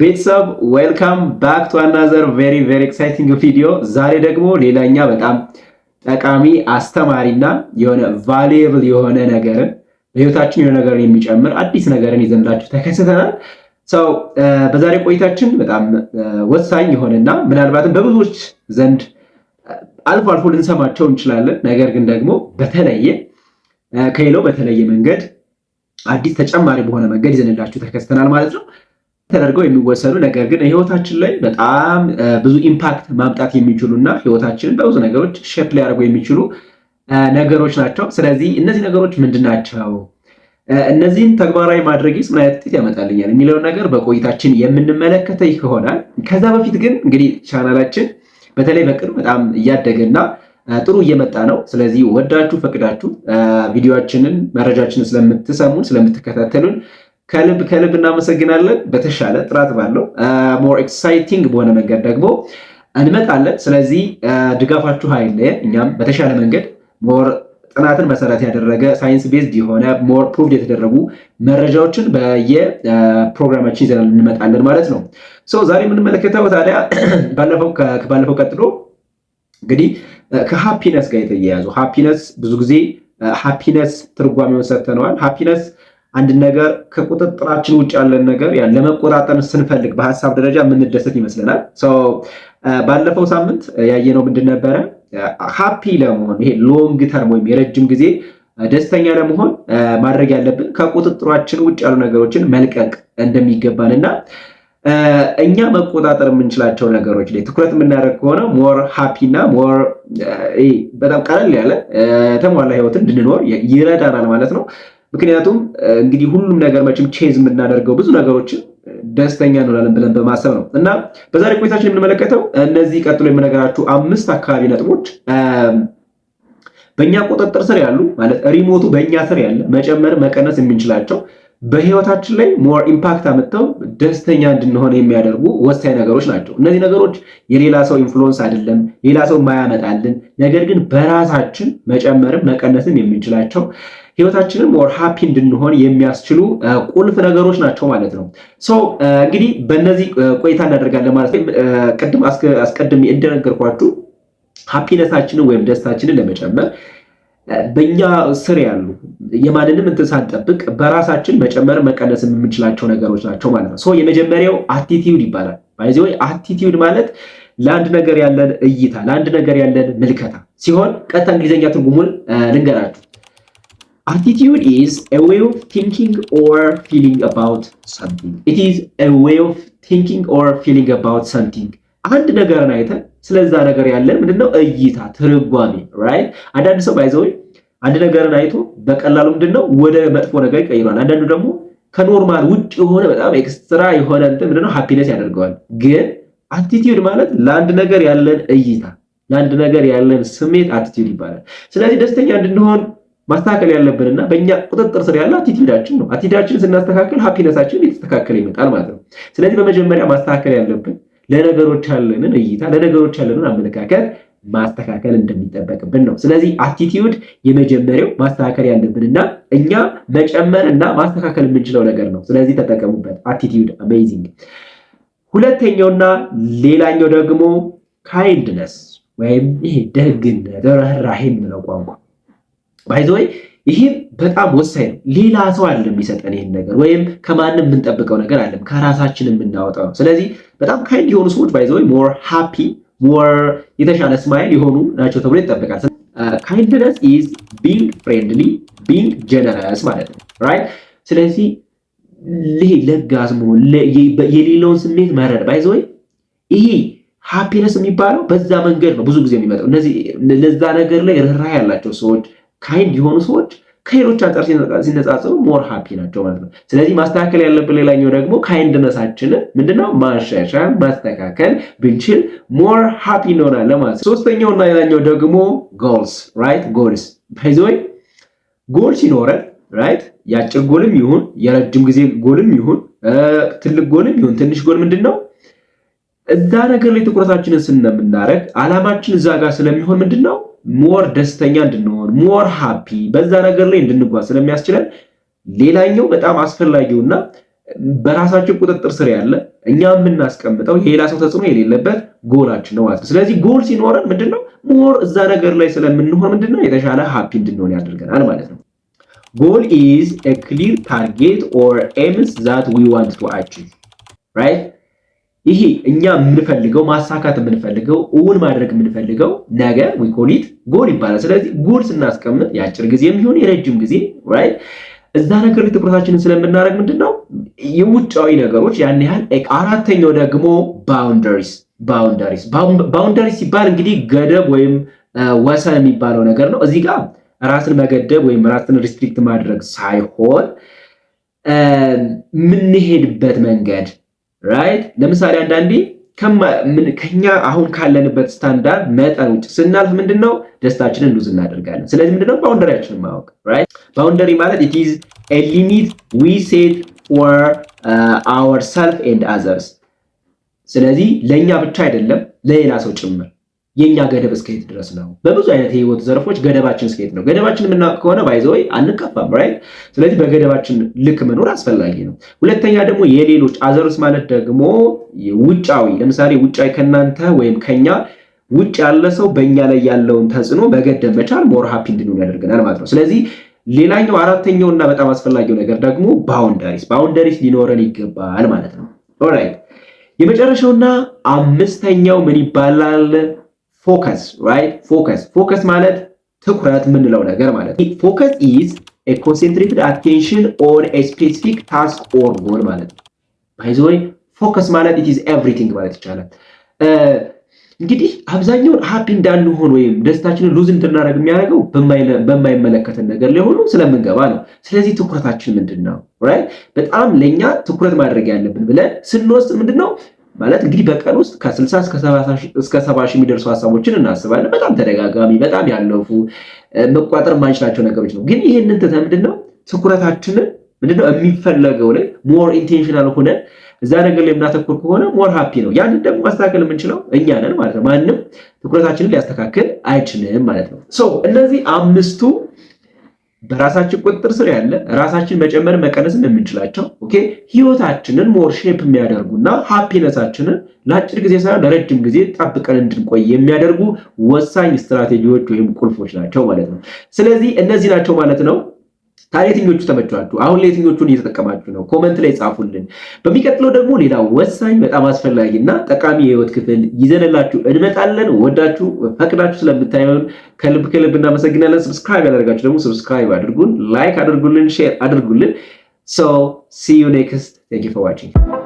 ቤተሰብ ዌልካም ባክ ቱ አናዘር ቬሪ ቬሪ ኤክሳይቲንግ ቪዲዮ። ዛሬ ደግሞ ሌላኛ በጣም ጠቃሚ አስተማሪና የሆነ ቫሊየብል የሆነ ነገርን በህይወታችን የሆነ ነገርን የሚጨምር አዲስ ነገርን ይዘንላችሁ ተከስተናል። ሰው uh, በዛሬ ቆይታችን በጣም uh, ወሳኝ የሆነና ምናልባትም በብዙዎች ዘንድ uh, አልፎ አልፎ ልንሰማቸው እንችላለን፣ ነገር ግን ደግሞ በተለየ ከሌላው በተለየ መንገድ አዲስ ተጨማሪ በሆነ መንገድ ይዘንላችሁ ተከስተናል ማለት ነው። ተደርገው የሚወሰዱ ነገር ግን ህይወታችን ላይ በጣም ብዙ ኢምፓክት ማምጣት የሚችሉ እና ህይወታችንን በብዙ ነገሮች ሼፕ ሊያደርጉ የሚችሉ ነገሮች ናቸው። ስለዚህ እነዚህ ነገሮች ምንድን ናቸው? እነዚህን ተግባራዊ ማድረግስ ምን አይነት ውጤት ያመጣልኛል የሚለውን ነገር በቆይታችን የምንመለከተ ይሆናል። ከዛ በፊት ግን እንግዲህ ቻናላችን በተለይ በቅርብ በጣም እያደገና ጥሩ እየመጣ ነው። ስለዚህ ወዳችሁ ፈቅዳችሁ ቪዲዮችንን መረጃችንን ስለምትሰሙን ስለምትከታተሉን ከልብ ከልብ እናመሰግናለን። በተሻለ ጥራት ባለው ሞር uh, ኤክሳይቲንግ በሆነ መንገድ ደግሞ እንመጣለን። ስለዚህ uh, ድጋፋችሁ አይለየን። እኛም በተሻለ መንገድ ሞር ጥናትን መሰረት ያደረገ ሳይንስ ቤዝድ የሆነ ሞር ፕሩቭድ የተደረጉ መረጃዎችን በየፕሮግራማችን uh, ይዘናል እንመጣለን ማለት ነው። ዛሬ የምንመለከተው ታዲያ ባለፈው ቀጥሎ እንግዲህ ከሃፒነስ ጋር የተያያዙ ሃፒነስ ብዙ ጊዜ ሃፒነስ ትርጓሜውን ሰጥተነዋል። ሃፒነስ አንድ ነገር ከቁጥጥራችን ውጭ ያለን ነገር ያን ለመቆጣጠር ስንፈልግ በሀሳብ ደረጃ የምንደሰት ይመስለናል። ባለፈው ሳምንት ያየነው ምንድን ነበረ? ሀፒ ለመሆን ይሄ ሎንግ ተርም ወይም የረጅም ጊዜ ደስተኛ ለመሆን ማድረግ ያለብን ከቁጥጥሯችን ውጭ ያሉ ነገሮችን መልቀቅ እንደሚገባን እና እኛ መቆጣጠር የምንችላቸው ነገሮች ላይ ትኩረት የምናደርግ ከሆነ ሞር ሃፒ እና ሞር በጣም ቀለል ያለ ተሟላ ህይወትን እንድንኖር ይረዳናል ማለት ነው። ምክንያቱም እንግዲህ ሁሉም ነገር መቼም ቼዝ የምናደርገው ብዙ ነገሮችን ደስተኛ እንሆናለን ብለን በማሰብ ነው እና በዛሬ ቆይታችን የምንመለከተው እነዚህ ቀጥሎ የምነገራችሁ አምስት አካባቢ ነጥቦች በእኛ ቁጥጥር ስር ያሉ ማለት ሪሞቱ በእኛ ስር ያለ መጨመር መቀነስ የምንችላቸው በህይወታችን ላይ ሞር ኢምፓክት አምጥተው ደስተኛ እንድንሆን የሚያደርጉ ወሳኝ ነገሮች ናቸው። እነዚህ ነገሮች የሌላ ሰው ኢንፍሉወንስ አይደለም፣ ሌላ ሰው ማያመጣልን፣ ነገር ግን በራሳችን መጨመርም መቀነስም የምንችላቸው ህይወታችንን ሞር ሃፒ እንድንሆን የሚያስችሉ ቁልፍ ነገሮች ናቸው ማለት ነው። እንግዲህ በእነዚህ ቆይታ እናደርጋለን ማለት ነው። ቅድም አስቀድሜ እንደነገርኳችሁ ሃፒነሳችንን ወይም ደስታችንን ለመጨመር በእኛ ስር ያሉ የማንንም እንትን ሳንጠብቅ በራሳችን መጨመር መቀነስ የምንችላቸው ነገሮች ናቸው ማለት ነው። የመጀመሪያው አቲቲዩድ ይባላል። ባይዚ አቲቲዩድ ማለት ለአንድ ነገር ያለን እይታ፣ ለአንድ ነገር ያለን ምልከታ ሲሆን ቀጥታ እንግሊዝኛ ትርጉሙን ልንገራችሁ Attitude is a way of thinking or feeling about something. It is a way of thinking or feeling about something. አንድ ነገርን አይተን ስለዛ ነገር ያለን ምንድነው እይታ ትርጓሜ። ራይት አንዳንድ ሰው ባይዘው አንድ ነገርን አይቶ በቀላሉ ምንድነው ወደ መጥፎ ነገር ይቀይሯል። አንዳንዱ ደግሞ ከኖርማል ውጭ የሆነ በጣም ኤክስትራ የሆነ እንትን ምንድነው ሃፒነስ ያደርገዋል። ግን አቲቲዩድ ማለት ለአንድ ነገር ያለን እይታ፣ ለአንድ ነገር ያለን ስሜት አቲቲዩድ ይባላል። ስለዚህ ደስተኛ እንድንሆን ማስተካከል ያለብንና በእኛ ቁጥጥር ስር ያለ አቲቲዩዳችን ነው። አቲዳችን ስናስተካከል ሀፒነሳችን እየተስተካከለ ይመጣል ማለት ነው። ስለዚህ በመጀመሪያ ማስተካከል ያለብን ለነገሮች ያለንን እይታ፣ ለነገሮች ያለንን አመለካከት ማስተካከል እንደሚጠበቅብን ነው። ስለዚህ አቲቲዩድ የመጀመሪያው ማስተካከል ያለብንና እኛ መጨመር እና ማስተካከል የምንችለው ነገር ነው። ስለዚህ ተጠቀሙበት። አቲቲዩድ አሜዚንግ። ሁለተኛውና ሌላኛው ደግሞ ካይንድነስ ወይም ይሄ ደግነት ርህራሄ የምንለው ቋንቋ ባይዘወይ ይሄ በጣም ወሳኝ ነው። ሌላ ሰው አይደለም የሚሰጠን ይህን ነገር ወይም ከማንም የምንጠብቀው ነገር አለም ከራሳችን የምናወጣው ነው። ስለዚህ በጣም ካይንድ የሆኑ ሰዎች ባይዘወይ ሞር ሃፒ ሞር የተሻለ ስማይል የሆኑ ናቸው ተብሎ ይጠበቃል። ካይንድነስ ኢዝ ቢንግ ፍሬንድሊ ቢንግ ጀነረስ ማለት ነው ራይት። ስለዚህ ይሄ ለጋስ መሆን የሌለውን ስሜት መረድ ባይዘወይ ይሄ ሃፒነስ የሚባለው በዛ መንገድ ነው ብዙ ጊዜ የሚመጣው። ለዛ ነገር ላይ ርኅራኄ ያላቸው ሰዎች ካይንድ የሆኑ ሰዎች ከሌሎች አንጻር ሲነጻጽሩ ሞር ሃፒ ናቸው ማለት ነው። ስለዚህ ማስተካከል ያለብን ሌላኛው ደግሞ ካይንድነሳችንን ምንድነው ማሻሻል ማስተካከል ብንችል ሞር ሃፒ እንሆናለን ማለት ነው። እና ሌላኛው ደግሞ ጎልስ ራይት ጎልስ ይዘወይ ጎል ሲኖረን ራይት የአጭር ጎልም ይሁን የረጅም ጊዜ ጎልም ይሁን ትልቅ ጎልም ይሁን ትንሽ ጎል ምንድን ነው እዛ ነገር ላይ ትኩረታችንን ስነምናደርግ አላማችን እዛ ጋር ስለሚሆን ምንድን ነው ሞር ደስተኛ እንድንሆን ሞር ሃፒ በዛ ነገር ላይ እንድንጓዝ ስለሚያስችለን ሌላኛው በጣም አስፈላጊውና በራሳችን ቁጥጥር ስር ያለ እኛ የምናስቀምጠው የሌላ ሰው ተጽዕኖ የሌለበት ጎላችን ነው ማለት ነው። ስለዚህ ጎል ሲኖረን ምንድነው ሞር እዛ ነገር ላይ ስለምንሆን ምንድነው የተሻለ ሃፒ እንድንሆን ያደርገናል ማለት ነው። ጎል ኢዝ ኤ ክሊር ታርጌት ኦር ኤምስ ዛት ዊ ዋንት ቱ አቺቭ ራይት ይሄ እኛ የምንፈልገው ማሳካት የምንፈልገው እውን ማድረግ የምንፈልገው ነገር ዊኮሊት ጎል ይባላል። ስለዚህ ጎል ስናስቀምጥ የአጭር ጊዜ የሚሆን የረጅም ጊዜ ራይት እዛ ነገር ላይ ትኩረታችንን ስለምናደርግ ምንድን ነው የውጫዊ ነገሮች ያን ያህል። አራተኛው ደግሞ ባውንደሪስ ባውንደሪስ ባውንደሪስ ሲባል እንግዲህ ገደብ ወይም ወሰን የሚባለው ነገር ነው። እዚህ ጋር ራስን መገደብ ወይም ራስን ሪስትሪክት ማድረግ ሳይሆን የምንሄድበት መንገድ ራይት ለምሳሌ አንዳንዴ ከኛ አሁን ካለንበት ስታንዳርድ መጠን ውጭ ስናልፍ ምንድነው ደስታችንን ሉዝ እናደርጋለን። ስለዚህ ምንድነው ባውንደሪያችን ማወቅ ባውንደሪ ማለት ኢት ኢዝ ኤ ሊሚት ዊ ሴት ፎር አወር ሰልፍ ኤንድ አዘርስ። ስለዚህ ለእኛ ብቻ አይደለም ለሌላ ሰው ጭምር የእኛ ገደብ እስከየት ድረስ ነው? በብዙ አይነት የህይወት ዘርፎች ገደባችን እስከየት ነው? ገደባችን የምናውቅ ከሆነ ባይዘወይ አንከፋም፣ ራይት። ስለዚህ በገደባችን ልክ መኖር አስፈላጊ ነው። ሁለተኛ ደግሞ የሌሎች አዘርስ ማለት ደግሞ ውጫዊ፣ ለምሳሌ ውጫዊ ከእናንተ ወይም ከኛ ውጭ ያለ ሰው በእኛ ላይ ያለውን ተጽዕኖ መገደብ መቻል ሞር ሀፒ እንድንሆን ያደርገናል ማለት ነው። ስለዚህ ሌላኛው አራተኛው እና በጣም አስፈላጊው ነገር ደግሞ ባውንዳሪስ ባውንዳሪስ ሊኖረን ይገባል ማለት ነው። ኦራይት የመጨረሻውና አምስተኛው ምን ይባላል? ፎከስ ራይት ፎከስ ፎከስ ማለት ትኩረት የምንለው ነገር ማለት ነው። ፎከስ ኢዝ ኤ ኮንሰንትሬትድ አቴንሽን ኦን ኤ ስፔሲፊክ ታስክ ኦር ጎል ማለት ነው። ባይዘወይ ፎከስ ማለት ኢት ኢዝ ኤቭሪቲንግ ማለት ይቻላል። እንግዲህ አብዛኛውን ሀፒ እንዳንሆን ወይም ደስታችንን ሉዝ እንድናደርግ የሚያደርገው በማይመለከተን ነገር ላይ ሆኖ ስለምንገባ ነው። ስለዚህ ትኩረታችን ምንድን ነው? ራይት በጣም ለእኛ ትኩረት ማድረግ ያለብን ብለን ስንወስድ ምንድን ነው ማለት እንግዲህ በቀን ውስጥ ከ60 እስከ 70 ሺህ የሚደርሱ ሀሳቦችን እናስባለን። በጣም ተደጋጋሚ፣ በጣም ያለፉ መቋጠር የማንችላቸው ነገሮች ነው። ግን ይህንን ትተን ምንድነው ትኩረታችንን ምንድነው የሚፈለገው ላይ ሞር ኢንቴንሽናል ሆነ እዛ ነገር ላይ የምናተኩር ከሆነ ሞር ሃፒ ነው። ያንን ደግሞ ማስተካከል የምንችለው እኛ ነን ማለት ነው። ማንም ትኩረታችንን ሊያስተካክል አይችልም ማለት ነው። እነዚህ አምስቱ በራሳችን ቁጥጥር ስር ያለ ራሳችን መጨመር መቀነስ የምንችላቸው ኦኬ ህይወታችንን ሞር ሼፕ የሚያደርጉና ሃፒነሳችንን ለአጭር ጊዜ ሳይሆን ለረጅም ጊዜ ጠብቀን እንድንቆይ የሚያደርጉ ወሳኝ ስትራቴጂዎች ወይም ቁልፎች ናቸው ማለት ነው። ስለዚህ እነዚህ ናቸው ማለት ነው። ታዲያ የትኞቹ ተመቸዋችሁ? አሁን ላይ የትኞቹን እየተጠቀማችሁ ነው? ኮመንት ላይ ጻፉልን። በሚቀጥለው ደግሞ ሌላ ወሳኝ በጣም አስፈላጊ እና ጠቃሚ የህይወት ክፍል ይዘንላችሁ እንመጣለን። ወዳችሁ ፈቅዳችሁ ስለምታየውን ከልብ ከልብ እናመሰግናለን። ሰብስክራይብ ያደረጋችሁ ደግሞ ሰብስክራይብ አድርጉን፣ ላይክ አድርጉልን፣ ሼር አድርጉልን። ሲ ዩ ኔክስት። ታንክ ዩ ፎር ዋቺንግ